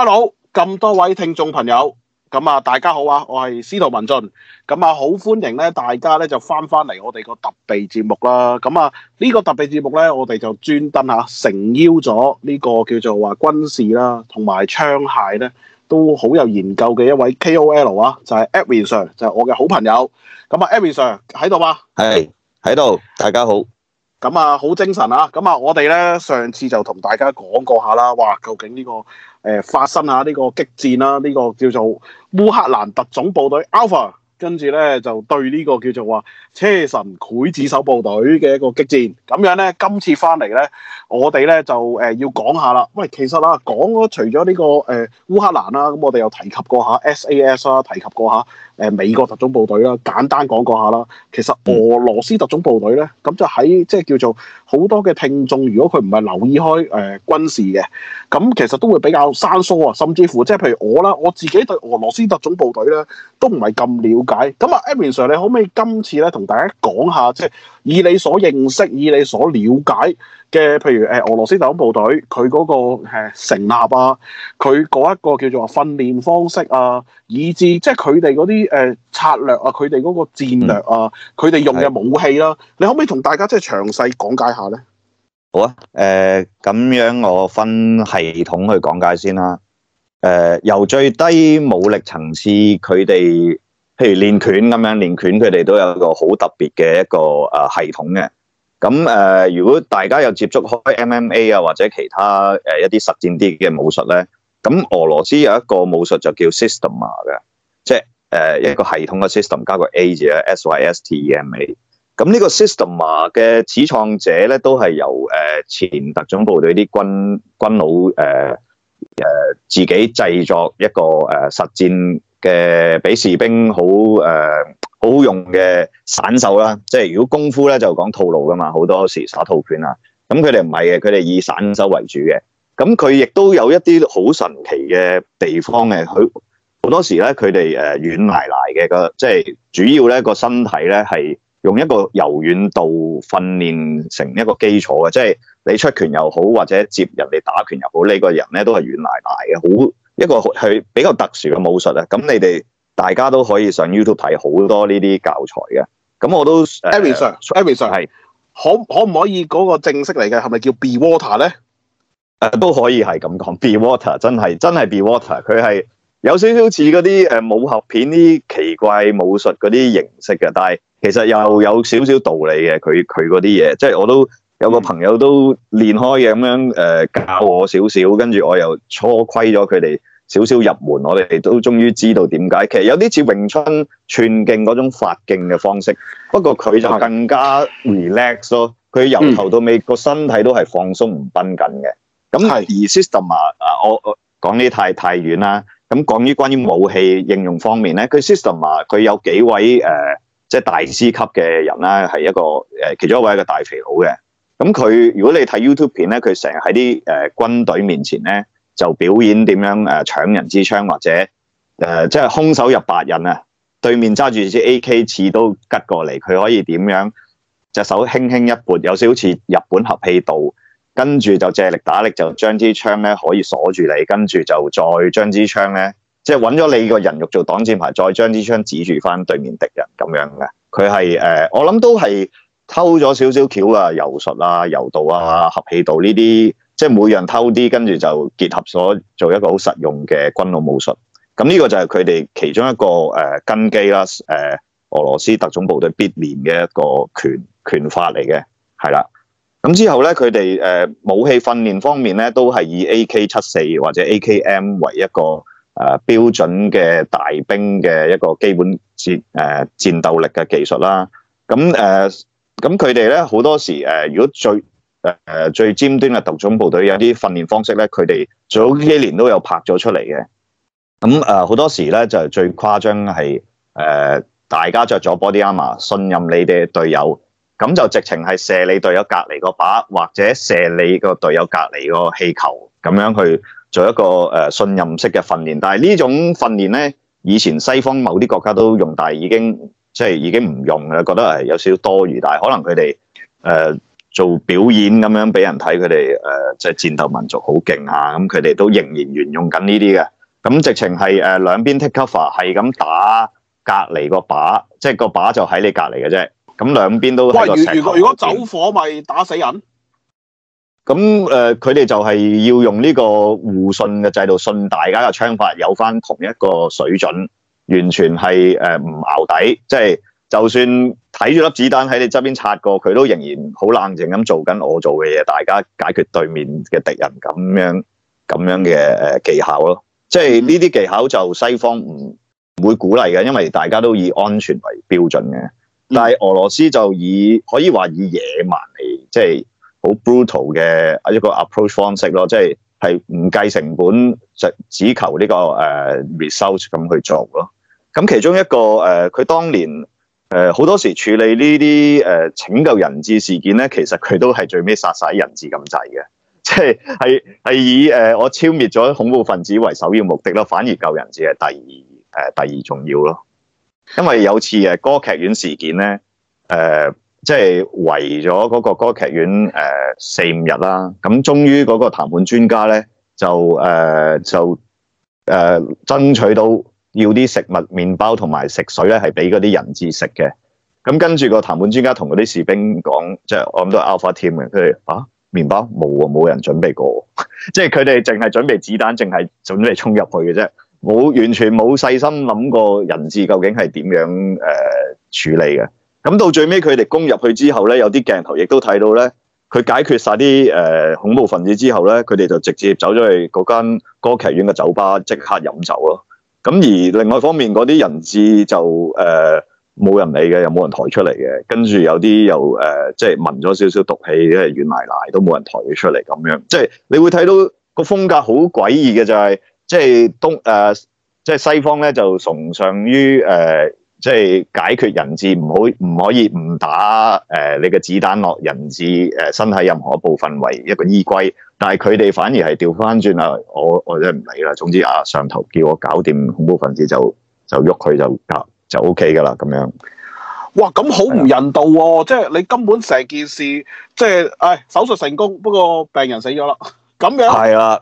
Hello，咁多位聽眾朋友，咁啊大家好啊，我係司徒文進，咁啊好歡迎咧，大家咧就翻翻嚟我哋個特備節目啦。咁啊呢個特備節目咧，我哋就專登啊，誠邀咗呢個叫做話軍事啦，同埋槍械咧都好有研究嘅一位 KOL 啊，就係 Abby Sir，就係我嘅好朋友。咁啊，Abby Sir 喺度啊？係喺度，大家好。咁啊，好精神啊！咁啊，我哋咧上次就同大家講過下啦，哇，究竟呢、這個誒、呃、發生下呢個激戰啦、啊，呢、這個叫做烏克蘭特種部隊 Alpha，跟住咧就對呢個叫做話車臣劊子手部隊嘅一個激戰。咁樣咧，今次翻嚟咧，我哋咧就誒、呃、要講下啦。喂，其實啦、啊，講咗除咗呢、這個誒烏、呃、克蘭啦、啊，咁我哋又提及過下 SAS 啦、啊，提及過吓。誒美國特種部隊啦，簡單講過下啦。其實俄羅斯特種部隊咧，咁就喺即係叫做好多嘅聽眾，如果佢唔係留意開誒、呃、軍事嘅，咁其實都會比較生疏啊。甚至乎即係、就是、譬如我啦，我自己對俄羅斯特種部隊咧都唔係咁了解。咁啊 Edwin Sir，你可唔可以今次咧同大家講下即係，就是以你所認識、以你所了解嘅，譬如誒俄羅斯特種部隊，佢嗰個成立啊，佢嗰一個叫做訓練方式啊，以至即係佢哋嗰啲誒策略啊，佢哋嗰個戰略啊，佢哋、嗯、用嘅武器啦，是你可唔可以同大家即係詳細講解下咧？好啊，誒、呃、咁樣我分系統去講解先啦，誒、呃、由最低武力層次佢哋。譬如練拳咁樣，練拳佢哋都有個好特別嘅一個誒系統嘅。咁誒、呃，如果大家有接觸開 MMA 啊，或者其他誒、呃、一啲實戰啲嘅武術咧，咁俄羅斯有一個武術就叫 Systema 嘅，即係誒、呃、一個系統嘅 system 加個 A 字啊，S Y S T E M A。咁呢個 Systema 嘅始創者咧，都係由誒、呃、前特種部隊啲軍軍佬誒誒、呃呃、自己製作一個誒、呃、實戰嘅俾士兵好誒、呃、好好用嘅散手啦，即係如果功夫咧就講套路㗎嘛，好多時耍套拳啊。咁佢哋唔係嘅，佢哋以散手為主嘅。咁佢亦都有一啲好神奇嘅地方嘅。佢好多時咧，佢哋誒軟賴賴嘅個，即係主要咧個身體咧係用一個柔軟度訓練成一個基礎嘅。即係你出拳又好，或者接人哋打拳又好，你個人咧都係軟賴賴嘅，好。一個係比較特殊嘅武術咧，咁你哋大家都可以上 YouTube 睇好多呢啲教材嘅。咁我都，Edwin Sir，Edwin Sir，係可可唔可以嗰個正式嚟嘅係咪叫 Be Water 咧？誒都可以係咁講，Be Water 真係真係 Be Water，佢係有少少似嗰啲誒武俠片啲奇怪武術嗰啲形式嘅，但係其實又有少少道理嘅。佢佢嗰啲嘢，即係我都有個朋友都練開嘅咁樣誒，教我少少，跟住我又初窺咗佢哋。少少入門，我哋都終於知道點解。其實有啲似詠春寸勁嗰種發勁嘅方式，不過佢就更加 relax 咯。佢、嗯、由頭到尾個、嗯、身體都係放鬆，唔繃緊嘅。咁是而 Systema 啊，我講呢太太遠啦。咁講於關於武器應用方面咧，佢 Systema 啊，佢有幾位誒，即、呃、係、就是、大師級嘅人咧，係一個誒、呃，其中一位係個大肥佬嘅。咁佢如果你睇 YouTube 片咧，佢成日喺啲誒軍隊面前咧。就表演點樣誒、呃、搶人支槍，或者誒、呃、即係空手入白刃，啊！對面揸住支 AK 刺刀吉過嚟，佢可以點樣隻手輕輕一撥，有少少似日本合氣道，跟住就借力打力就將，就將支槍咧可以鎖住你，跟住就再將支槍咧即係揾咗你個人肉做擋箭牌，再將支槍指住翻對面敵人咁樣嘅。佢係誒，我諗都係偷咗少少橋啊，柔術啊、柔道啊、合氣道呢啲。即係每樣偷啲，跟住就結合所做一個好實用嘅軍用武術。咁呢個就係佢哋其中一個誒、呃、根基啦。誒、呃，俄羅斯特種部隊必練嘅一個拳拳法嚟嘅，係啦。咁之後咧，佢哋誒武器訓練方面咧，都係以 A.K. 七四或者 A.K.M. 為一個誒、呃、標準嘅大兵嘅一個基本戰誒、呃、戰鬥力嘅技術啦。咁誒咁佢哋咧好多時誒、呃，如果最誒、呃，最尖端嘅特種部隊有啲訓練方式咧，佢哋早幾年都有拍咗出嚟嘅。咁、嗯、誒，好、呃、多時咧就最誇張係誒，大家着咗 body armor，信任你哋隊友，咁就直情係射你隊友隔離個靶，或者射你個隊友隔離個氣球，咁樣去做一個誒、呃、信任式嘅訓練。但係呢種訓練咧，以前西方某啲國家都用，但係已經即係、就是、已經唔用啦，覺得係有少少多餘，但係可能佢哋誒。呃做表演咁樣俾人睇，佢哋誒即係戰鬥民族好勁吓！咁佢哋都仍然沿用緊呢啲嘅。咁直情係誒兩邊 take cover 係咁打隔離個靶，即係個靶就喺你隔離嘅啫。咁兩邊都喂，如果如果走火咪打死人。咁誒、嗯，佢、呃、哋就係要用呢個互信嘅制度，信大家嘅槍法有翻同一個水準，完全係誒唔熬底，即係。就算睇住粒子彈喺你側邊擦過，佢都仍然好冷靜咁做緊我做嘅嘢，大家解決對面嘅敵人咁樣咁樣嘅誒技巧咯。即係呢啲技巧就西方唔會鼓勵嘅，因為大家都以安全為標準嘅。但係俄羅斯就以可以話以野蠻嚟，即係好 brutal 嘅一個 approach 方式咯。即係係唔計成本，就只求呢個誒 result 咁去做咯。咁其中一個誒，佢、呃、當年。誒，好多時處理呢啲誒拯救人質事件咧，其實佢都係最尾殺晒人質咁滯嘅，即係係係以誒、呃、我消滅咗恐怖分子為首要目的咯，反而救人質係第二誒、呃、第二重要咯。因為有次誒歌劇院事件咧，誒、呃、即係圍咗嗰個歌劇院誒四五日啦，咁終於嗰個談判專家咧就誒、呃、就誒、呃、爭取到。要啲食物、麵包同埋食水咧，係俾嗰啲人質食嘅。咁跟住個談判專家同嗰啲士兵講，即係我諗都係 Alpha Team 嘅。佢哋啊，麵包冇啊，冇人準備過， 即係佢哋淨係準備子彈，淨係準備衝入去嘅啫，冇完全冇細心諗過人質究竟係點樣誒處理嘅。咁到最尾佢哋攻入去之後咧，有啲鏡頭亦都睇到咧，佢解決晒啲誒恐怖分子之後咧，佢哋就直接走咗去嗰間歌劇院嘅酒吧，即刻飲酒咯。咁而另外一方面嗰啲人質就誒冇、呃、人理嘅，又冇人抬出嚟嘅，跟住有啲又誒、呃、即係聞咗少少毒氣，因為軟埋埋都冇人抬佢出嚟咁樣，即係你會睇到個風格好詭異嘅就係、是、即係東誒、呃、即係西方咧就崇尚於誒、呃、即係解決人質唔好唔可以唔打誒、呃、你嘅子彈落人質誒、呃、身體任何一部分為一個依歸。但係佢哋反而係調翻轉啊！我我真係唔理啦。總之啊，上頭叫我搞掂恐怖分子就就喐佢就就 OK 噶啦咁樣。哇！咁好唔人道喎！即係你根本成件事，即係唉手術成功，不過病人死咗啦。咁樣係啊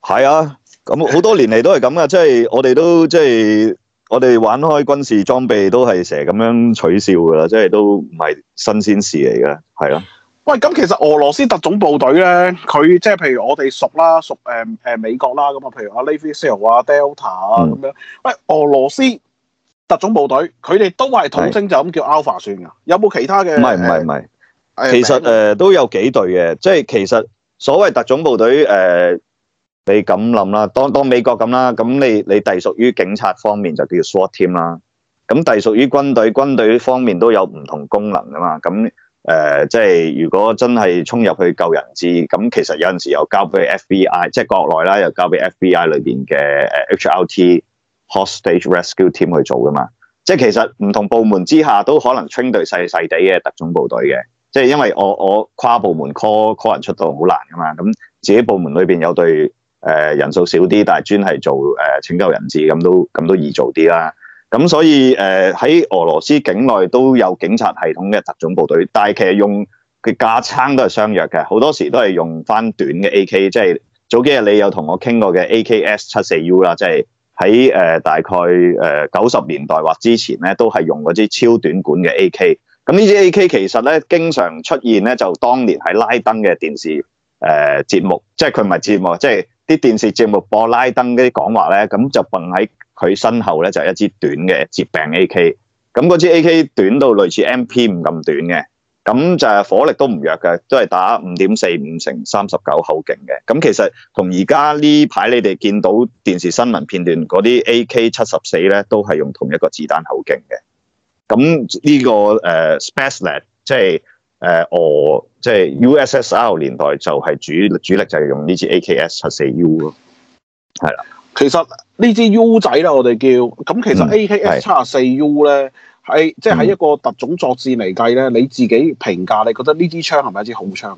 係啊！咁好多年嚟都係咁噶，即係 我哋都即係我哋玩開軍事裝備都係成日咁樣取笑噶啦，即係都唔係新鮮事嚟噶，係咯。喂，咁其實俄羅斯特種部隊咧，佢即係譬如我哋熟啦，熟誒誒美國啦，咁啊，譬如阿 Lavishio 啊、Delta 啊咁樣。喂、嗯，俄羅斯特種部隊，佢哋都係統稱就咁叫 Alpha 算噶。是有冇其他嘅？唔係唔係唔係，字其實誒、呃、都有幾隊嘅。即係其實所謂特種部隊誒、呃，你咁諗啦，當當美國咁啦，咁你你隸屬於警察方面就叫 SWAT Team 啦。咁隸屬於軍隊，軍隊方面都有唔同功能噶嘛。咁誒、呃，即係如果真係衝入去救人質，咁其實有陣時又交俾 FBI，即係國內啦，又交俾 FBI 裏邊嘅 HRT Hostage Rescue Team 去做噶嘛。即係其實唔同部門之下都可能 train 隊細細地嘅特種部隊嘅。即係因為我我跨部門 call call 人出到好難噶嘛，咁自己部門裏邊有隊誒人數少啲，但係專係做誒、呃、拯救人質咁都咁都易做啲啦。咁、嗯、所以誒喺、呃、俄羅斯境內都有警察系統嘅特種部隊，但係其實用佢架撐都係相若嘅，好多時都係用翻短嘅 AK，即係早幾日你有同我傾過嘅 AKS74U 啦，U，即係喺誒大概誒九十年代或之前咧，都係用嗰支超短管嘅 AK、嗯。咁呢支 AK 其實咧經常出現咧，就當年喺拉登嘅電視誒節、呃、目，即係佢唔係節目，即係啲電視節目播拉登嗰啲講話咧，咁就揼喺。佢身後咧就係、一支短嘅接柄 AK，咁嗰支 AK 短到類似 MP 五咁短嘅，咁就係火力都唔弱嘅，都係打五點四五乘三十九口徑嘅。咁其實同而家呢排你哋見到電視新聞片段嗰啲 AK 七十四咧，都係用同一個子彈口徑嘅。咁呢、這個誒、uh, Spetsnaz 即、就、係、是、誒俄、uh, 即、哦、係、就是、USSR 年代就係主主力就係用呢支 AKS 七四 U 咯，係啦。其實呢支 U 仔啦，我哋叫咁，其實 AKS 七四 U 咧，係即係喺一個特種作戰嚟計咧，嗯、你自己評價你覺得呢支槍係咪一支好槍？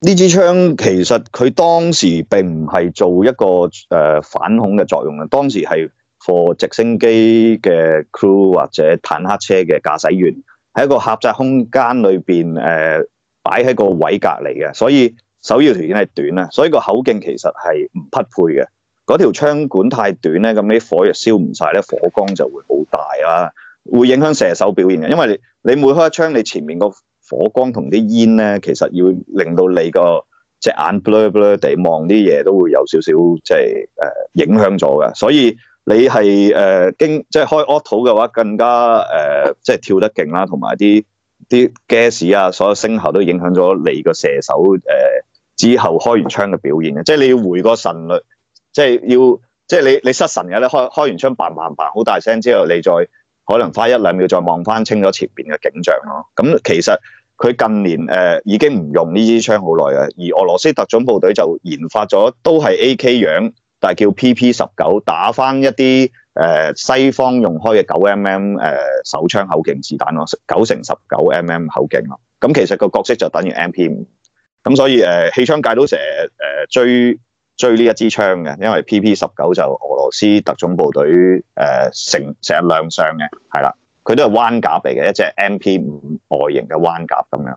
呢支槍其實佢當時並唔係做一個誒、呃、反恐嘅作用嘅，當時係 for 直升機嘅 crew 或者坦克車嘅駕駛員，喺一個狹窄空間裏邊誒擺喺個位隔離嘅，所以首要條件係短啦，所以個口徑其實係唔匹配嘅。嗰條槍管太短咧，咁啲火藥燒唔晒咧，火光就會好大啦，會影響射手表現嘅。因為你每開一槍，你前面個火光同啲煙咧，其實要令到你個隻眼 blur blur 地望啲嘢，都會有少少即係誒影響咗嘅。所以你係誒、呃、經即係開 auto 嘅話，更加誒、呃、即係跳得勁啦，同埋啲啲 gas 啊，所有聲喉都影響咗你個射手誒、呃、之後開完槍嘅表現嘅。即係你要回個神律。即係要，即係你你失神嘅咧，開開完槍，砰砰砰好大聲之後，你再可能花一兩秒再望翻清咗前面嘅景象咯。咁、嗯、其實佢近年誒、呃、已經唔用呢支槍好耐嘅，而俄羅斯特種部隊就研發咗，都係 AK 樣，但係叫 PP 十九，19, 打翻一啲誒、呃、西方用開嘅九 mm 誒、呃、手槍口徑子彈咯，九乘十九 mm 口徑咯。咁、嗯、其實個角色就等於 MP 五、嗯。咁所以誒，氣、呃、槍界都成日誒追。呃追呢一支槍嘅，因為 P P 十九就俄羅斯特種部隊誒、呃、成成日亮相嘅，係啦，佢都係彎甲嚟嘅，一隻 M P 五外形嘅彎甲咁樣。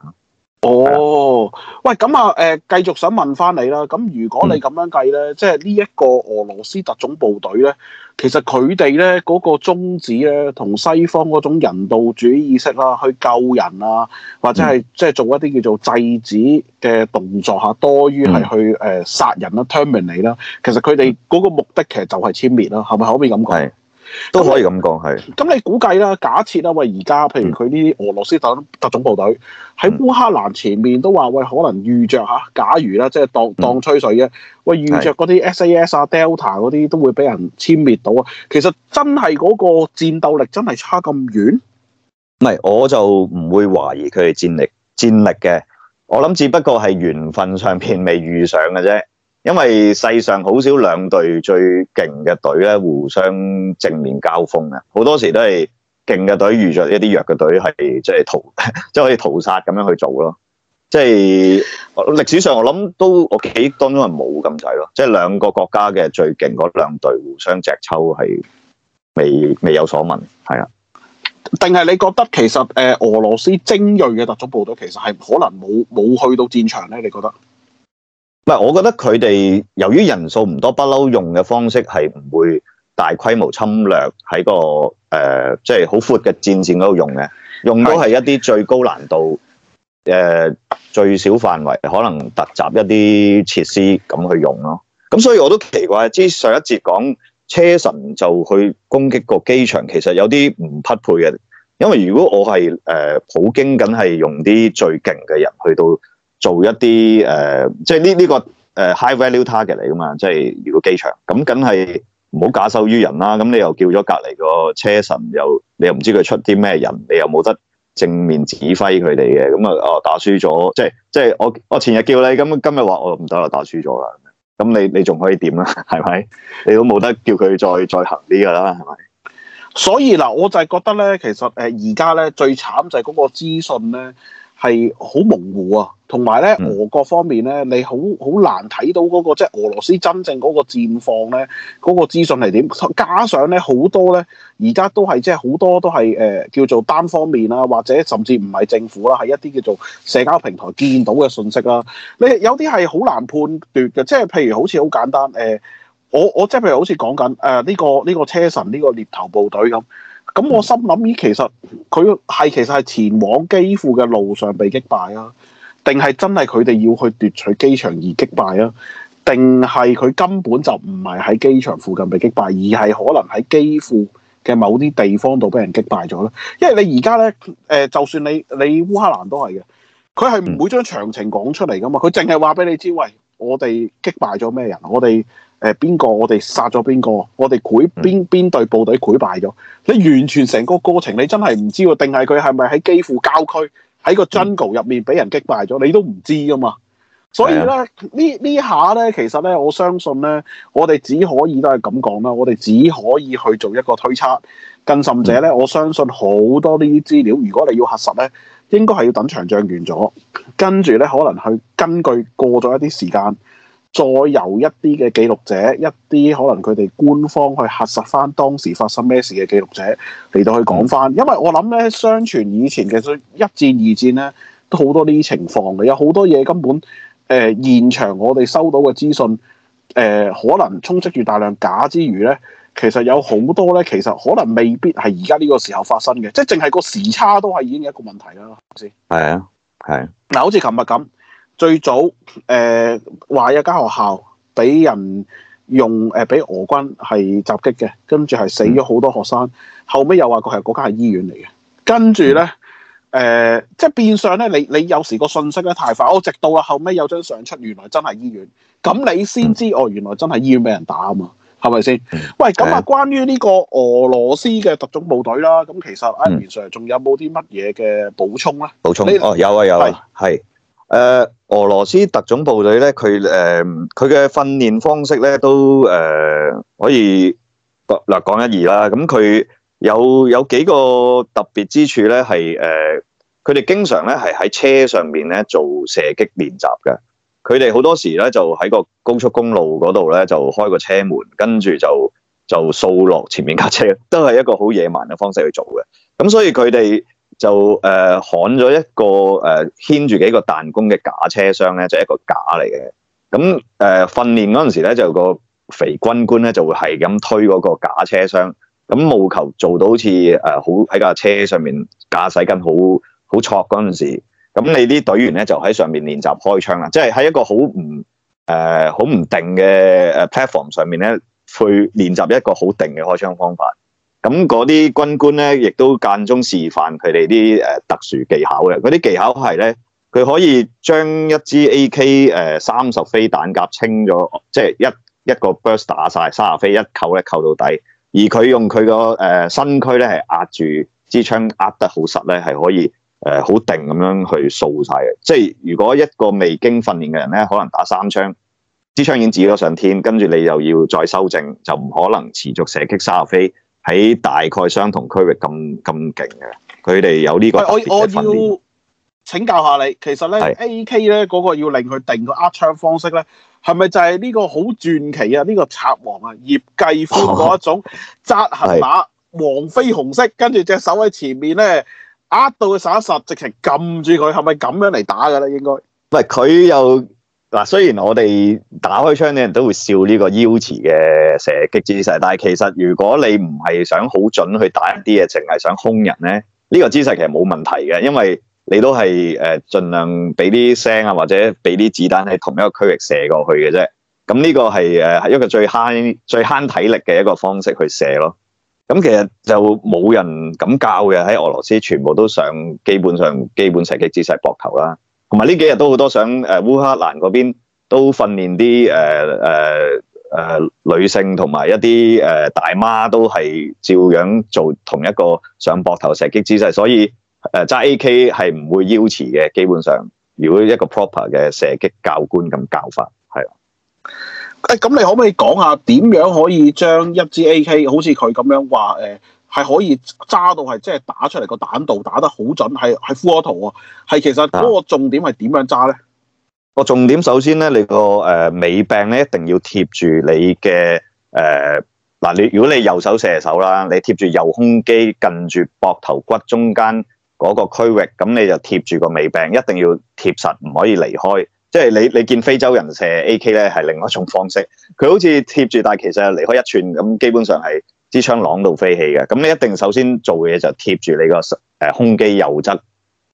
哦，喂，咁啊，誒，繼續想問翻你啦。咁如果你咁樣計咧，嗯、即係呢一個俄羅斯特種部隊咧，其實佢哋咧嗰個宗旨咧，同西方嗰種人道主義意識啦，去救人啊，或者係即係做一啲叫做制止嘅動作嚇，多於係去誒殺人啦，terminally 啦。嗯、terminate，其實佢哋嗰個目的其實就係殲滅啦，係咪可唔可以咁講？都可以咁講係。咁你估計啦，嗯嗯、假設啦，喂，而家譬如佢呢啲俄羅斯特特種部隊喺、嗯、烏克蘭前面都話喂，可能遇着吓。假如啦，即、就、係、是、當當吹水嘅，嗯、喂，遇着嗰啲 SAS 啊、是 Delta 嗰啲都會俾人殲滅到啊。其實真係嗰個戰鬥力真係差咁遠？唔係，我就唔會懷疑佢哋戰力戰力嘅。我諗只不過係緣分上邊未遇上嘅啫。因為世上好少兩隊最勁嘅隊咧，互相正面交鋒嘅，好多時都係勁嘅隊遇著一啲弱嘅隊，係即係屠，即係可以屠殺咁樣去做咯。即係歷史上我諗都屋企當中係冇咁滯咯，即係兩個國家嘅最勁嗰兩隊互相隻抽係未未有所聞，係啊？定係你覺得其實誒俄羅斯精銳嘅特種部隊其實係可能冇冇去到戰場咧？你覺得？唔係，我覺得佢哋由於人數唔多，不嬲用嘅方式係唔會大規模侵略喺個誒，即係好闊嘅戰線嗰度用嘅，用到係一啲最高難度誒、呃，最小範圍可能突襲一啲設施咁去用咯。咁所以我都奇怪，之上一節講車臣就去攻擊個機場，其實有啲唔匹配嘅，因為如果我係誒、呃、普京，梗係用啲最勁嘅人去到。做一啲誒、呃，即係呢呢個誒、呃、high value target 嚟噶嘛，即係如果機場咁，梗係唔好假手於人啦。咁你又叫咗隔籬個車臣，又你又唔知佢出啲咩人，你又冇得正面指揮佢哋嘅。咁啊，哦，打輸咗，即係即係我我前日叫你，咁今日話我唔得啦，我打輸咗啦。咁你你仲可以點啊？係 咪？你都冇得叫佢再再行啲噶啦，係咪？所以嗱，我就係覺得咧，其實誒而家咧最慘就係嗰個資訊咧。係好模糊啊，同埋咧俄國方面咧，你好好難睇到嗰、那個即係、就是、俄羅斯真正嗰個戰況咧，嗰、那個資訊係點？加上咧好多咧，而家都係即係好多都係誒、呃、叫做單方面啦、啊，或者甚至唔係政府啦、啊，係一啲叫做社交平台見到嘅信息啦、啊。你有啲係好難判斷嘅，即係譬如好似好簡單誒、呃，我我即係譬如好似講緊誒呢個呢、這個車臣呢、這個獵頭部隊咁。咁我心諗，咦，其實佢係其實係前往基輔嘅路上被擊敗啊？定係真係佢哋要去奪取機場而擊敗啊？定係佢根本就唔係喺機場附近被擊敗，而係可能喺基輔嘅某啲地方度俾人擊敗咗咧？因為你而家咧，誒，就算你你烏克蘭都係嘅，佢係唔會將詳情講出嚟噶嘛，佢淨係話俾你知，喂。我哋擊敗咗咩人？我哋誒邊個？我哋殺咗邊個？我哋毀邊邊隊部隊潰敗咗？你完全成個過程，你真係唔知，定係佢係咪喺基輔郊區喺個 jungle 入面俾人擊敗咗？你都唔知噶嘛？所以咧的呢呢下咧，其實咧，我相信咧，我哋只可以都係咁講啦，我哋只可以去做一個推測。更甚者咧，嗯、我相信好多呢啲資料，如果你要核實咧。應該係要等場仗完咗，跟住咧可能去根據過咗一啲時間，再由一啲嘅記錄者，一啲可能佢哋官方去核實翻當時發生咩事嘅記錄者嚟到去講翻。因為我諗咧，相傳以前其實一戰、二戰咧都好多呢啲情況嘅，有好多嘢根本誒、呃、現場我哋收到嘅資訊誒，可能充斥住大量假之餘咧。其實有好多咧，其實可能未必係而家呢個時候發生嘅，即係淨係個時差都係已經一個問題啦。係啊，係啊。嗱，好似琴日咁，最早誒話、呃、一間學校俾人用誒俾、呃、俄軍係襲擊嘅，跟住係死咗好多學生。嗯、後尾又話佢係嗰間係醫院嚟嘅，跟住咧誒，即係變相咧，你你有時個信息咧太快，我、哦、直到啊後尾有張相出，原來真係醫院，咁你先知哦，嗯、原來真係醫院俾人打啊嘛。係咪先？是是嗯、喂，咁啊，關於呢個俄羅斯嘅特種部隊啦，咁、嗯、其實 Edwin Sir 仲有冇啲乜嘢嘅補充咧？補充你哦，有啊有啊，係是，誒、呃，俄羅斯特種部隊咧，佢誒，佢嘅訓練方式咧，都誒、呃、可以略講一二啦。咁、嗯、佢有有幾個特別之處咧，係誒，佢、呃、哋經常咧係喺車上面咧做射擊練習嘅。佢哋好多時咧就喺個高速公路嗰度咧就開個車門，跟住就就掃落前面架車，都係一個好野蠻嘅方式去做嘅。咁所以佢哋就誒焊咗一個誒、呃、牽住幾個彈弓嘅假車廂咧，就係、一個假嚟嘅。咁誒、呃、訓練嗰陣時咧，就個肥軍官咧就會係咁推嗰個假車廂，咁務求做到好似誒好喺架車上面駕駛緊好好駛嗰陣時。咁你啲隊員咧就喺上面練習開槍啦，即係喺一個好唔誒好唔定嘅誒 platform 上面咧，去練習一個好定嘅開槍方法。咁嗰啲軍官咧，亦都間中示範佢哋啲誒特殊技巧嘅。嗰啲技巧係咧，佢可以將一支 AK 誒三十飛彈夾清咗，即係一一個 burst 打晒三十飛一扣咧扣，扣到底，而佢用佢個誒身軀咧係壓住支槍壓得好實咧，係可以。誒，好、呃、定咁樣去掃晒嘅，即係如果一個未經訓練嘅人咧，可能打三槍，支槍已經指咗上天，跟住你又要再修正，就唔可能持續射擊沙廿飛喺大概相同區域咁咁勁嘅。佢哋有呢個我我要請教下你，其實咧 A K 咧嗰個要令佢定個壓槍方式咧，係咪就係呢個好傳奇啊？呢、這個賊王啊，葉繼歡嗰一種紮行馬黃飛 是鴻式，跟住隻手喺前面咧。壓到佢實一實，直情撳住佢，係咪咁樣嚟打嘅咧？應該唔係佢又嗱，雖然我哋打開槍啲人都會笑呢個腰持嘅射擊姿勢，但係其實如果你唔係想好準去打一啲嘢，淨係想凶人咧，呢個姿勢其實冇問題嘅，因為你都係誒盡量俾啲聲啊，或者俾啲子彈喺同一個區域射過去嘅啫。咁呢個係誒一個最慳最慳體力嘅一個方式去射咯。咁其實就冇人咁教嘅，喺俄羅斯全部都上基本上基本射擊姿勢膊頭啦，同埋呢幾日都好多想誒烏克蘭嗰邊都訓練啲誒誒誒女性同埋一啲誒、呃、大媽都係照樣做同一個上膊頭射擊姿勢，所以誒揸 AK 係唔會腰持嘅，基本上如果一個 proper 嘅射擊教官咁教法係。誒，咁、哎、你可唔可以講下點樣可以將一支 AK，好似佢咁樣話，誒、呃，係可以揸到係即係打出嚟個彈道打得好準，係係 full auto 啊？係其實嗰個重點係點樣揸咧？個、啊、重點首先咧，你個誒尾柄咧一定要貼住你嘅誒，嗱、呃、你如果你右手射手啦，你貼住右胸肌近住膊頭骨中間嗰個區域，咁你就貼住個尾柄，一定要貼實，唔可以離開。即係你，你見非洲人射 A.K 咧係另外一種方式，佢好似貼住，但係其實係離開一寸咁，基本上係支槍擋到飛起嘅。咁你一定首先做嘢就貼住你個誒胸肌右側，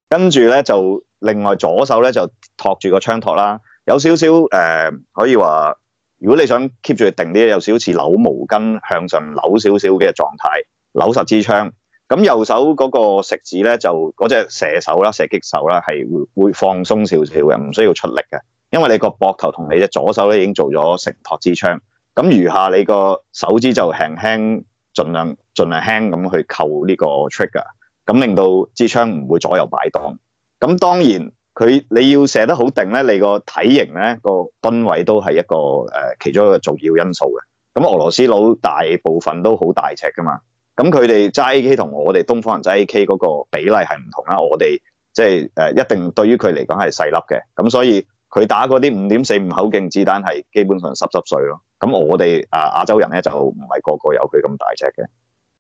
跟住咧就另外左手咧就托住個槍托啦，有少少誒、呃、可以話，如果你想 keep 住定啲，有少少似扭毛巾向上扭少少嘅狀態，扭實支槍。咁右手嗰個食指咧，就嗰隻射手啦，射擊手啦，係會會放鬆少少嘅，唔需要出力嘅，因為你個膊頭同你隻左手咧已經做咗承托支槍。咁餘下你個手指就輕輕，儘量儘量輕咁去扣呢個 trigger，咁令到支槍唔會左右擺盪。咁當然佢你要射得好定咧，你個體型咧個噸位都係一個誒、呃、其中一個重要因素嘅。咁俄羅斯佬大部分都好大隻㗎嘛。咁佢哋揸 AK 同我哋東方人揸 AK 嗰個比例係唔同啦，我哋即係誒一定對於佢嚟講係細粒嘅，咁所以佢打嗰啲五點四五口徑子彈係基本上濕濕碎咯。咁我哋啊、呃、亞洲人咧就唔係個,個個有佢咁大隻嘅，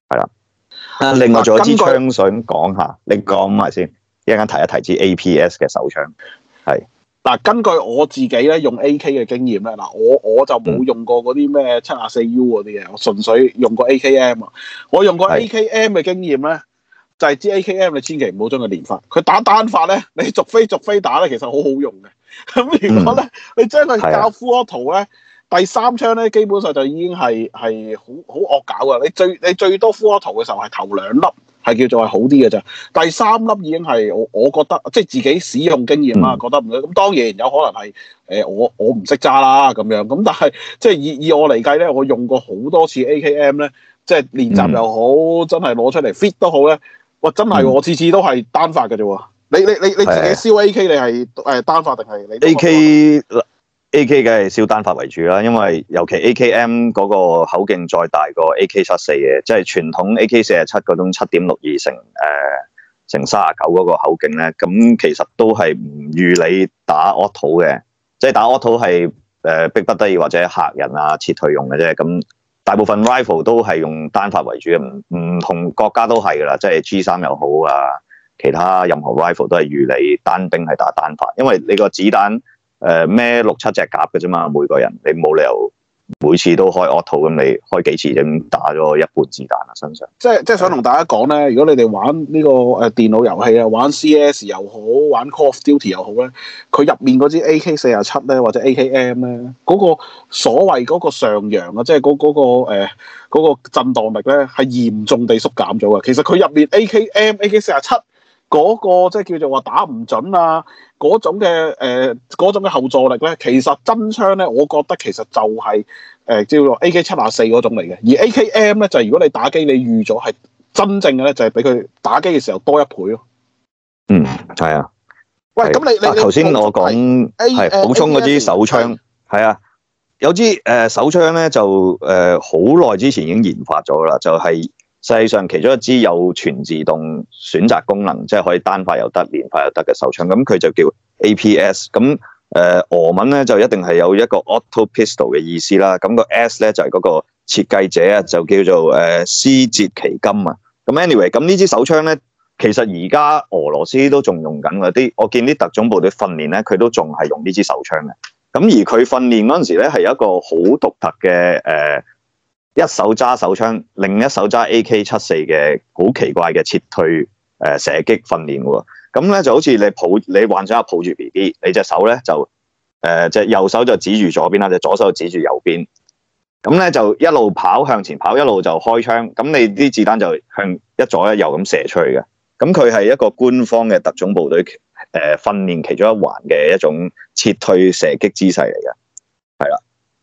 係啦。啊、另外仲、啊、有支槍想講下，你講埋先，提一陣間提一提支 APS 嘅手槍，係。嗱，根據我自己咧用 AK 嘅經驗咧，嗱，我我就冇用過嗰啲咩七呀四 U 嗰啲嘢，我純粹用過 AKM 啊。我用過 AKM 嘅經驗咧，就係知 AKM 你千祈唔好將佢連發，佢打單發咧，你逐飛逐飛打咧，其實好好用嘅。咁如果咧，你將佢教 full auto 咧，第三槍咧基本上就已經係係好好惡搞噶。你最你最多 full auto 嘅時候係頭兩粒。係叫做係好啲嘅咋，第三粒已經係我我覺得即係自己使用經驗啦，嗯、覺得唔咁當然有可能係誒、呃、我我唔識揸啦咁樣，咁但係即係以以我嚟計咧，我用過好多次 AKM 咧，即係練習又好，嗯、真係攞出嚟 fit 都好咧，哇真係我次次都係單發嘅啫喎，你你你你自己燒 AK 你係誒單發定係你？A.K. 梗係燒單發為主啦，因為尤其 A.K.M. 嗰個口徑再大過 A.K. 七四嘅，即係傳統 A.K. 四十七嗰種七點六二乘誒、呃、乘三十九嗰個口徑咧，咁、嗯、其實都係唔預你打 auto 嘅，即係打 auto 係誒迫不得已或者客人啊撤退用嘅啫。咁大部分 rifle 都係用單發為主，嘅，唔同國家都係㗎喇，即係 G 三又好啊，其他任何 rifle 都係預你單兵係打單發，因為你個子彈。誒咩、呃、六七隻鴨嘅啫嘛，每個人你冇理由每次都開 auto，咁，你開幾次已經打咗一半子彈啦身上。即即想同大家講咧，如果你哋玩呢個誒電腦遊戲啊，玩 CS 又好玩 Call of Duty 又好咧，佢入面嗰支 AK 四廿七咧或者 AKM 咧，嗰、嗰個所謂嗰個上揚啊，即係嗰嗰個震嗰盪力咧，係嚴重地縮減咗嘅。其實佢入面 AKM AK、嗰個、AK 四廿七嗰個即係叫做話打唔準啊。嗰種嘅誒，嗰、呃、嘅後座力咧，其實真槍咧，我覺得其實就係、是、誒，即係 A K 七四嗰種嚟嘅，而 A K M 咧就係、是、如果你打機，你預咗係真正嘅咧，就係俾佢打機嘅時候多一倍咯、啊。嗯，係啊。喂，咁你你頭先我講係、啊啊、補充嗰支手槍，係啊，啊，有支誒、呃、手槍咧就誒好耐之前已經研發咗啦，就係、是。世界上其中一支有全自動選擇功能，即係可以單發又得，連發又得嘅手槍，咁佢就叫 APS。咁、呃、誒俄文咧就一定係有一個 auto pistol 嘅意思啦。咁、個 S 咧就係、是、嗰個設計者啊，就叫做誒、呃、斯捷奇金啊。咁 anyway，咁呢支手槍咧，其實而家俄羅斯都仲用緊嗰啲，我見啲特種部隊訓練咧，佢都仲係用呢支手槍嘅。咁而佢訓練嗰陣時咧，係有一個好獨特嘅誒。呃一手揸手槍，另一手揸 A.K. 七四嘅好奇怪嘅撤退誒射擊訓練喎。咁咧就好似你抱你幻想抱住 B.B. 你隻手咧就誒隻、呃、右手就指住左邊啦，隻左手指住右邊。咁咧就一路跑向前跑，一路就開槍。咁你啲子彈就向一左一右咁射出去嘅。咁佢係一個官方嘅特種部隊誒訓練其中一環嘅一種撤退射擊姿勢嚟嘅。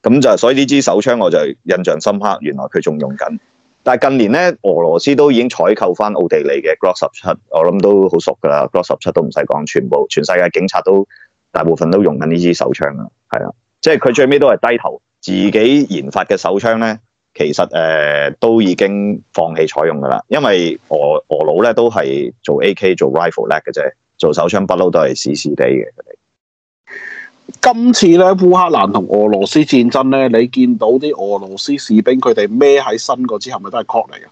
咁就所以呢支手槍我就印象深刻，原來佢仲用緊。但係近年咧，俄羅斯都已經採購翻奧地利嘅 Glock 十七，我諗都好熟噶啦。Glock 十七都唔使講，全部全世界警察都大部分都用緊呢支手槍啊，係啊，即係佢最尾都係低頭自己研發嘅手槍咧，其實誒、呃、都已經放棄採用噶啦，因為俄俄佬咧都係做 AK 做 rifle l 叻嘅啫，做手槍不嬲都係屎屎地嘅佢哋。今次咧烏克蘭同俄羅斯戰爭咧，你見到啲俄羅斯士兵佢哋孭喺身嗰支係咪都係 c o 嚟啊？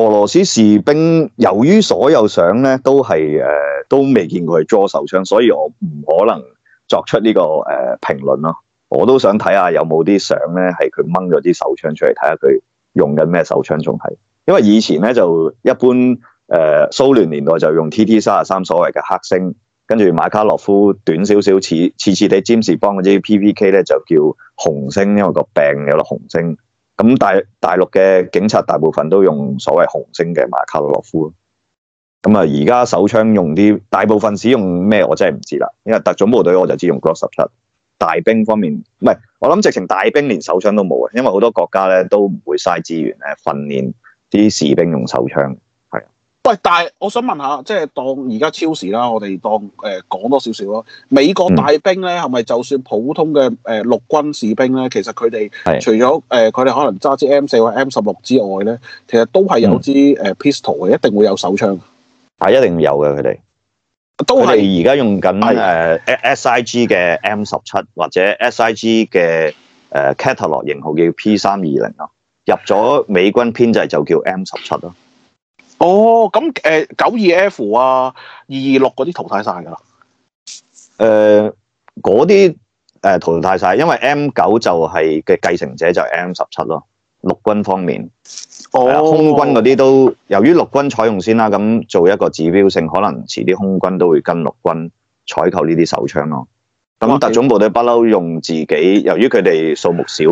俄羅斯士兵由於所有相咧都係誒、呃、都未見過佢揸手槍，所以我唔可能作出呢、這個誒、呃、評論咯。我都想睇下有冇啲相咧係佢掹咗啲手槍出嚟，睇下佢用緊咩手槍仲係。因為以前咧就一般誒、呃、蘇聯年代就用 T T 三十三，所謂嘅黑星。跟住馬卡洛夫短少少，似似似啲詹姆斯邦嗰啲 P P K 咧，就叫紅星，因為個柄有粒紅星。咁大大陸嘅警察大部分都用所謂紅星嘅馬卡洛，洛夫。咁啊，而家手槍用啲大部分使用咩？我真係唔知啦。因為特種部隊我就知用 Glock 十七。大兵方面，唔係，我諗直情大兵連手槍都冇啊，因為好多國家咧都唔會嘥資源嚟訓練啲士兵用手槍。喂，但係我想問下，即係當而家超時啦，我哋當誒、呃、講多少少咯。美國大兵咧，係咪、嗯、就算普通嘅誒、呃、陸軍士兵咧，其實佢哋是除咗誒佢哋可能揸支 M 四或 M 十六之外咧，其實都係有支誒、嗯 uh, pistol 嘅，一定會有手槍，係一定有嘅。佢哋都係而家用緊誒 S I G 嘅 M 十七或者 S I G 嘅誒 catalog 型號叫 P 三二零咯，入咗美軍編制就叫 M 十七咯。哦，咁誒、呃、九二 F 啊，二二六嗰啲淘汰晒㗎啦。誒、呃，嗰啲誒淘汰晒，因為 M 九就係嘅繼承者就係 M 十七咯。陸軍方面，哦、空軍嗰啲都由於陸軍採用先啦，咁做一個指標性，可能遲啲空軍都會跟陸軍採購呢啲手槍咯。咁 Okay. 特種部隊不嬲用自己，由於佢哋數目少。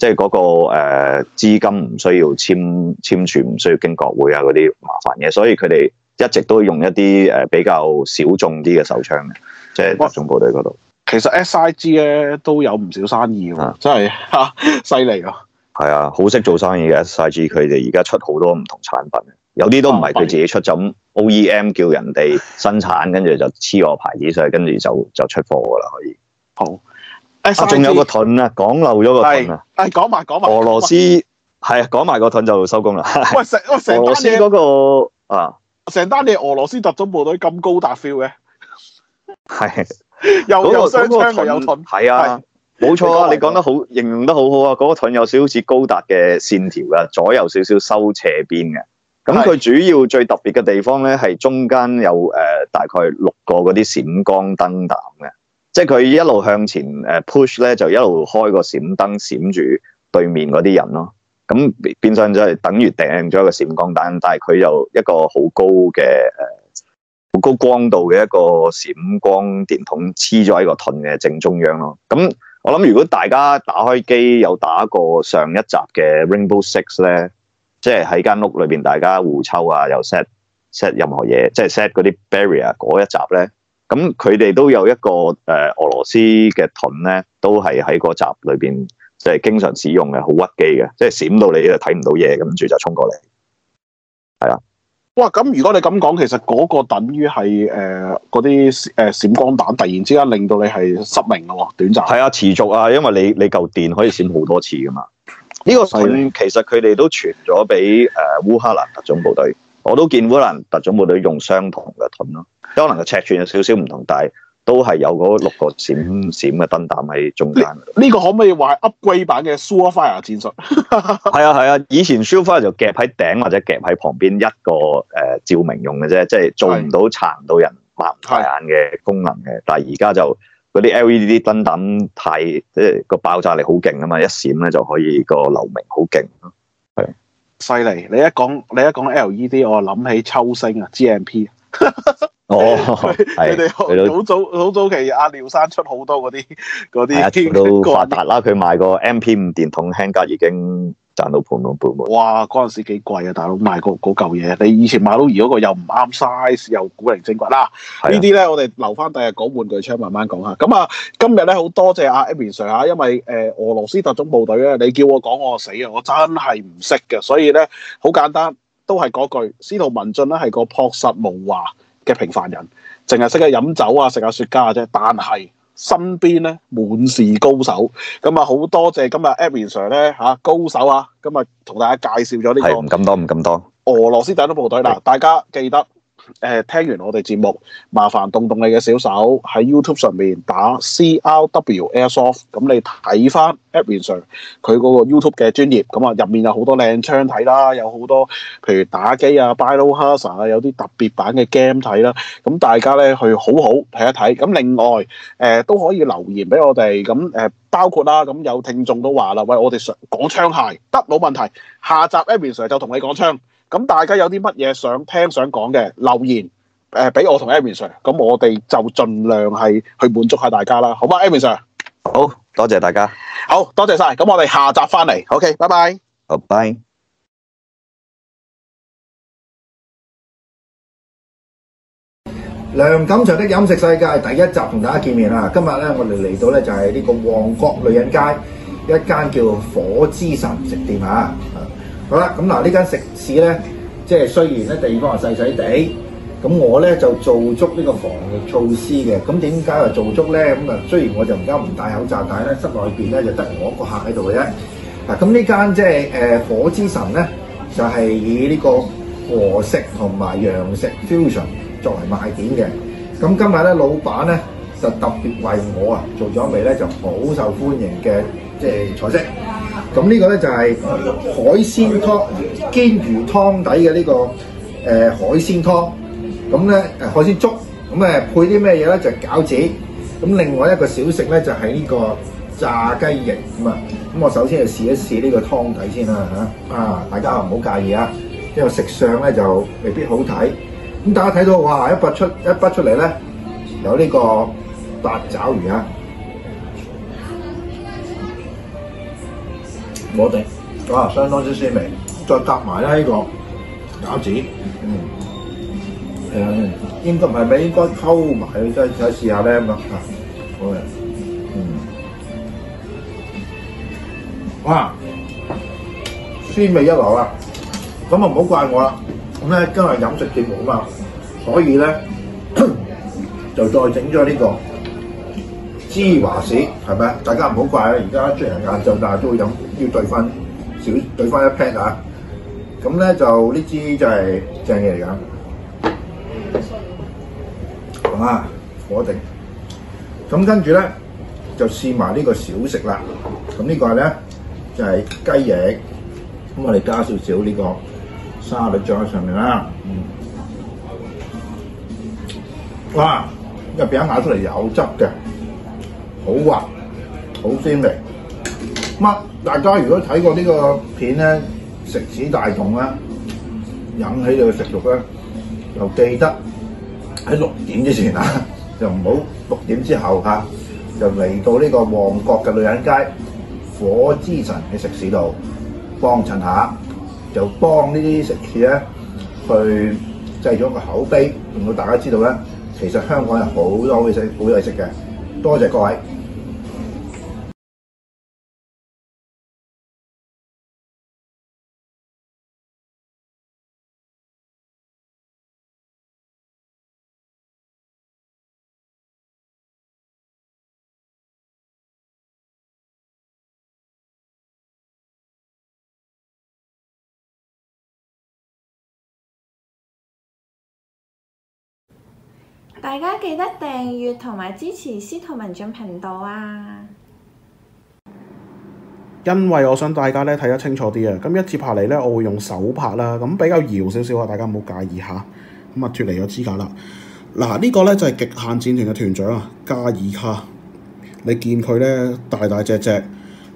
即係嗰、那個誒、呃、資金唔需要簽簽署，唔需要經國會啊嗰啲麻煩嘅，所以佢哋一直都用一啲誒、呃、比較小眾啲嘅手槍嘅，即係特種部隊嗰度。其實 SIG 咧都有唔少生意喎，真係嚇犀利啊，係啊，好識、啊、做生意嘅 SIG，佢哋而家出好多唔同產品，有啲都唔係佢自己出，就的 OEM 叫人哋生產，跟住就黐我牌子，所以跟住就就，就出貨噶啦，可以好。誒，仲有個盾啊，講漏咗個盾啊！誒，講埋講埋。俄羅斯係啊，講埋個盾就收工啦。喂，成喂，成單你俄羅斯特種部隊咁高達 feel 嘅，係又又雙槍又盾，係啊，冇錯，你講得好，形容得好好啊！嗰個盾有少少似高達嘅線條啊，左右少少收斜邊嘅。咁佢主要最特別嘅地方咧，係中間有誒大概六個嗰啲閃光燈膽嘅。即係佢一路向前呢，誒 push 咧就一路開個閃燈閃住對面嗰啲人咯，咁變變相咗係等於掟咗一個閃光彈，但係佢又一個好高嘅誒好高光度嘅一個閃光電筒黐咗喺個盾嘅正中央咯。咁我諗如果大家打開機有打過上一集嘅 Rainbow Six 咧，即係喺間屋裏邊大家互抽啊，又 set set 任何嘢，即係 set 嗰啲 barrier 嗰一集咧。咁佢哋都有一個誒、呃、俄羅斯嘅盾咧，都係喺個集裏邊即係經常使用嘅，好屈機嘅，即係閃到你度睇唔到嘢，咁住就衝過嚟。係啊！哇！咁如果你咁講，其實嗰個等於係誒嗰啲誒閃光彈，突然之間令到你係失明咯，短暫。係啊，持續啊，因為你你嚿電可以閃好多次噶嘛。呢、這個盾其實佢哋都傳咗俾誒烏克蘭特種部隊。我都見可能特種部隊用相同嘅盾咯，即可能個尺寸有少少唔同，但係都係有嗰六個閃閃嘅燈膽喺中間。呢、嗯這個可唔可以話係 Upgrade 版嘅 Surefire 戰術？係 啊係啊，以前 Surefire 就夾喺頂或者夾喺旁邊一個誒、呃、照明用嘅啫，即係做唔到殘是到人、盲唔開眼嘅功能嘅。是但係而家就嗰啲 LED 燈膽太即係個爆炸力好勁啊嘛，一閃咧就可以個流明好勁。犀利！你一講你一講 LED，我諗起秋生啊，GMP。MP, 哦，佢哋好早好的早期阿廖生出好多嗰啲嗰啲。啊，佢都發達啦！佢買 個 MP 五電筒輕格已經。賺到半龍盤龍哇！嗰陣時幾貴啊，大佬賣嗰嚿嘢。你以前馬努爾嗰個又唔啱 size，又古靈精怪啦。呢啲咧的我哋留翻第日講玩具車，慢慢講下。咁啊，今日咧好多謝阿 Amy Sir 吓，因為誒、呃、俄羅斯特種部隊咧，你叫我講我死啊，我真係唔識嘅。所以咧好簡單，都係嗰句，司徒文進咧係個樸實無華嘅平凡人，淨係識得飲酒啊，食下雪茄啫。但係。身邊咧滿是高手。咁啊，好多謝今日 Edwin Sir 咧嚇高手啊，今日同大家介紹咗呢個，唔敢當，唔敢當，俄羅斯第一部隊喇，大家記得。誒，聽完我哋節目，麻煩動動你嘅小手喺 YouTube 上面打 CRW Airsoft，咁你睇翻 Edwin Sir 佢嗰個 YouTube 嘅專頁，咁啊入面有好多靚槍睇啦，有好多譬如打機啊、Biohazard 啊，有啲特別版嘅 game 睇啦，咁大家咧去好好睇一睇。咁另外，誒、呃、都可以留言俾我哋，咁誒包括啦，咁有聽眾都話啦，喂，我哋想講槍械得冇問題，下集 Edwin Sir 就同你講槍。咁大家有啲乜嘢想聽想講嘅留言誒，俾我同 Edwin Sir，咁我哋就盡量係去滿足下大家啦，好嘛？Edwin Sir，好多謝大家，好多謝晒。咁我哋下集翻嚟，OK，拜拜。好，拜。梁錦祥的飲食世界第一集同大家見面啦。今日咧，我哋嚟到咧就係呢個旺角女人街一間叫火之神食店啊。好啦，咁嗱呢間食肆咧，即係雖然咧地方係細細地，咁我咧就做足呢個防疫措施嘅。咁點解又做足咧？咁啊，雖然我就而家唔戴口罩，但係咧室內邊咧就得我一個客喺度嘅啫。嗱，咁呢間即係誒火之神咧，就係以呢個和食同埋洋食 fusion 作為賣點嘅。咁今日咧，老闆咧就特別為我啊做咗一味咧就好受歡迎嘅即係菜式。咁呢個咧就係海鮮湯，煎魚湯底嘅呢、這個誒、呃、海鮮湯，咁咧誒海鮮粥，咁、嗯、誒配啲咩嘢咧？就餃、是、子，咁、嗯、另外一個小食咧就係、是、呢個炸雞翼咁啊！咁、嗯嗯、我首先就試一試呢個湯底先啦嚇，啊大家唔好介意啊，因為食相咧就未必好睇，咁、嗯、大家睇到哇、啊、一筆出一筆出嚟咧，有呢個八爪魚啊！我頂哇，相當之鮮味，再搭埋咧呢個餃子，嗯，係啊，應該唔係咩？應該溝埋，再係試下咧咁啊，好啊，嗯，哇，鮮味一流啊，咁啊唔好怪我啦，咁咧今日飲食節目啊嘛，所以咧就再整咗呢個芝華士，係咪大家唔好怪啊！而家雖然晏晝，但係都會飲。要對翻少對翻一 pat 嚇，咁、啊、咧就呢支就係正嘢嚟㗎。嚇、啊，火定。咁、啊、跟住咧就試埋呢個小食啦。咁、啊這個、呢個係咧就係、是、雞翼。咁、啊、我哋加少少呢個沙律醬喺上面啦。嗯。哇、啊！呢個餅咬出嚟有汁嘅，好滑，好鮮味。乜？大家如果睇過呢個片咧，食肆大同啦，引起你嘅食欲，咧，就記得喺六點之前啊，就唔好六點之後嚇、啊，就嚟到呢個旺角嘅女人街火之神嘅食肆度幫襯下，就幫呢啲食肆咧去製咗一個口碑，令到大家知道咧，其實香港有好多好嘢食好嘢食嘅。多謝各位。大家記得訂閱同埋支持司徒文進頻道啊！因為我想大家咧睇得清楚啲啊，咁一接下嚟咧我會用手拍啦，咁比較搖少少啊，大家唔好介意吓，咁啊脫離咗支架啦。嗱，這個、呢個咧就係、是、極限戰團嘅團長啊，加爾卡。你見佢咧大大隻隻，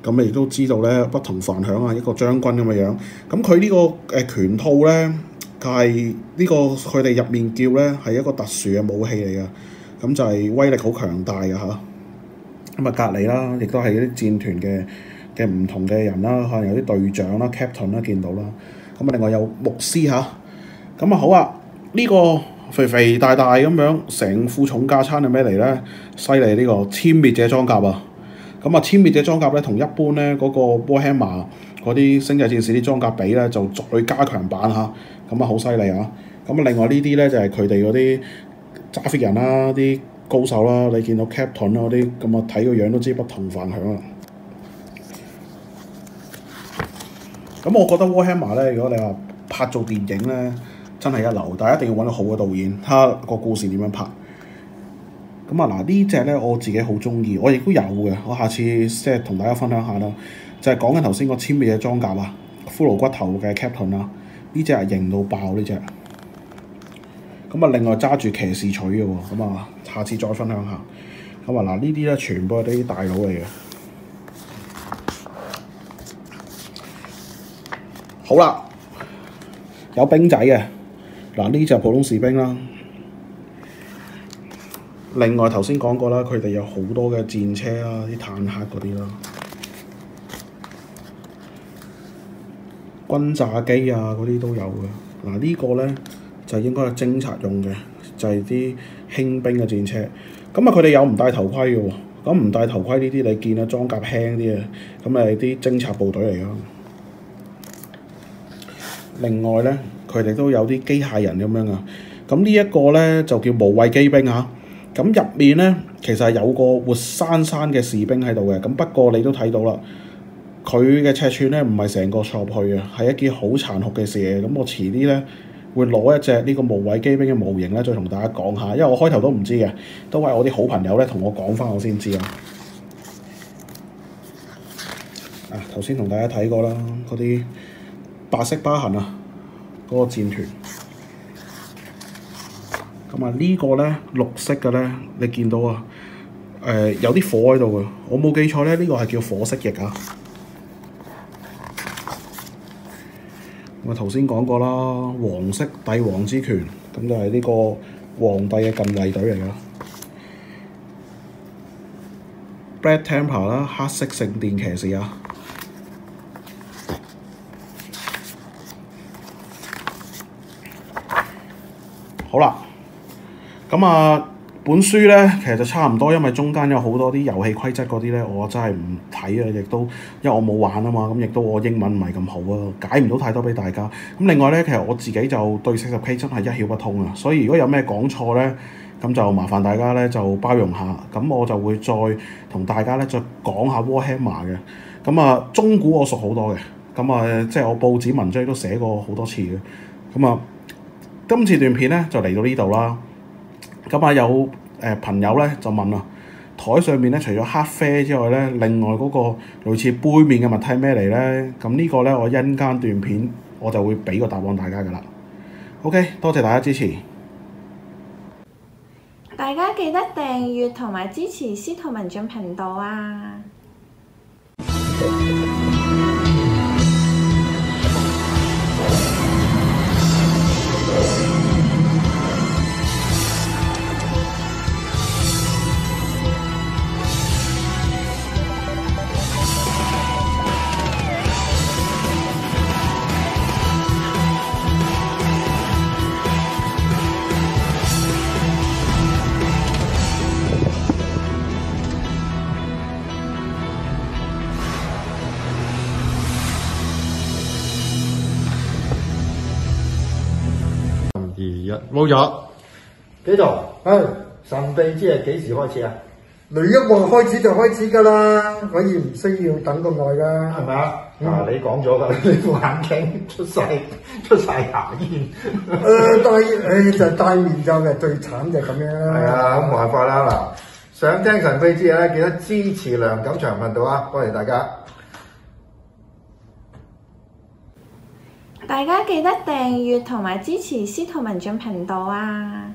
咁你都知道咧不同凡響啊，一個將軍咁嘅樣。咁佢呢個誒、呃、拳套咧。就係呢個佢哋入面叫咧，係一個特殊嘅武器嚟噶，咁就係威力好強大嘅嚇。咁啊，隔、嗯、籬啦，亦都係嗰啲戰團嘅嘅唔同嘅人啦，可能有啲隊長啦、Captain 啦見到啦。咁、嗯、啊，另外有牧師嚇。咁啊、嗯，好啊，呢、呢個肥肥大大咁樣成副重架餐係咩嚟咧？犀利呢個殲滅者裝甲啊！咁、嗯、啊，殲滅者裝甲咧，同一般咧嗰、嗰個 Warhammer 嗰啲星際戰士啲裝甲比咧，就再加強版嚇。啊。咁啊，好犀利啊！咁啊，另外呢啲咧就係佢哋嗰啲揸 fit 人啦，啲高手啦、啊，你見到 Captain 嗰啲咁啊，睇個樣都知不同凡響啊！咁我覺得 Warhammer 咧，如果你話拍做電影咧，真係一流，但係一定要揾到好嘅導演，睇下個故事點樣拍。咁啊，嗱呢隻咧我自己好中意，我亦都有嘅，我下次即係同大家分享下啦。就係講緊頭先個黐尾嘅裝甲啊，骷髏骨頭嘅 Captain 啊。呢隻係型到爆呢隻，咁啊另外揸住騎士取嘅喎，咁啊下次再分享下，咁啊嗱呢啲咧全部係啲大佬嚟嘅，好啦，有兵仔嘅，嗱呢隻普通士兵啦，另外頭先講過啦，佢哋有好多嘅戰車啦，啲坦克嗰啲啦。轟炸機啊，嗰啲都有嘅。嗱呢個咧就應該係偵察用嘅，就係啲輕兵嘅戰車。咁啊，佢哋有唔戴頭盔嘅喎。咁唔戴頭盔呢啲，你見啊裝甲輕啲啊。咁啊，係啲偵察部隊嚟嘅。另外咧，佢哋都有啲機械人咁樣啊。咁呢一個咧就叫無畏機兵啊。咁入面咧其實係有個活生生嘅士兵喺度嘅。咁不過你都睇到啦。佢嘅尺寸咧唔係成個坐入去啊，係一件好殘酷嘅事。咁我遲啲咧會攞一隻呢個無畏機兵嘅模型咧，再同大家講下。因為我開頭都唔知嘅，都係我啲好朋友咧同我講翻我先知啊。啊，頭先同大家睇過啦，嗰啲白色疤痕啊，嗰個戰團。咁啊，呢個咧綠色嘅咧，你見到啊？誒、呃，有啲火喺度嘅。我冇記錯咧，呢個係叫火蜥蜴啊。我頭先講過啦，黃色帝王之權，咁就係呢個皇帝嘅禁衛隊嚟噶啦，Black Templar 啦，Tampa，黑色聖殿騎士啊，好啦，咁啊。本書咧其實就差唔多，因為中間有好多啲遊戲規則嗰啲咧，我真係唔睇啊，亦都因為我冇玩啊嘛，咁亦都我英文唔係咁好啊，解唔到太多俾大家。咁另外咧，其實我自己就對四十 K 真係一竅不通啊，所以如果有咩講錯咧，咁就麻煩大家咧就包容下。咁我就會再同大家咧再講下 Warhammer 嘅。咁啊，中古我熟好多嘅，咁啊即係我報紙文章都寫過好多次嘅。咁啊，今次段片咧就嚟到呢度啦。咁啊，有誒、呃、朋友咧就問啦，台上面咧除咗黑啡之外咧，另外嗰個類似杯麵嘅物體咩嚟咧？咁呢個咧我因間段片我就會俾個答案大家噶啦。OK，多謝大家支持，大家記得訂閱同埋支持司徒文進頻道啊！好咗，繼續？唉、哎，神秘之夜幾時開始啊？雷一望開始就開始噶啦，我而唔需要等咁耐噶，係咪、嗯、啊？嗱，你講咗噶，你副眼鏡出晒出晒牙煙，誒戴，誒、 呃哎、就戴、是、面罩嘅，最慘就咁樣啦。係啊，咁冇辦法啦嗱，想聽神秘之夜咧，記得支持梁錦祥頻道啊，多謝大家。大家記得訂閱同埋支持司徒文進頻道啊！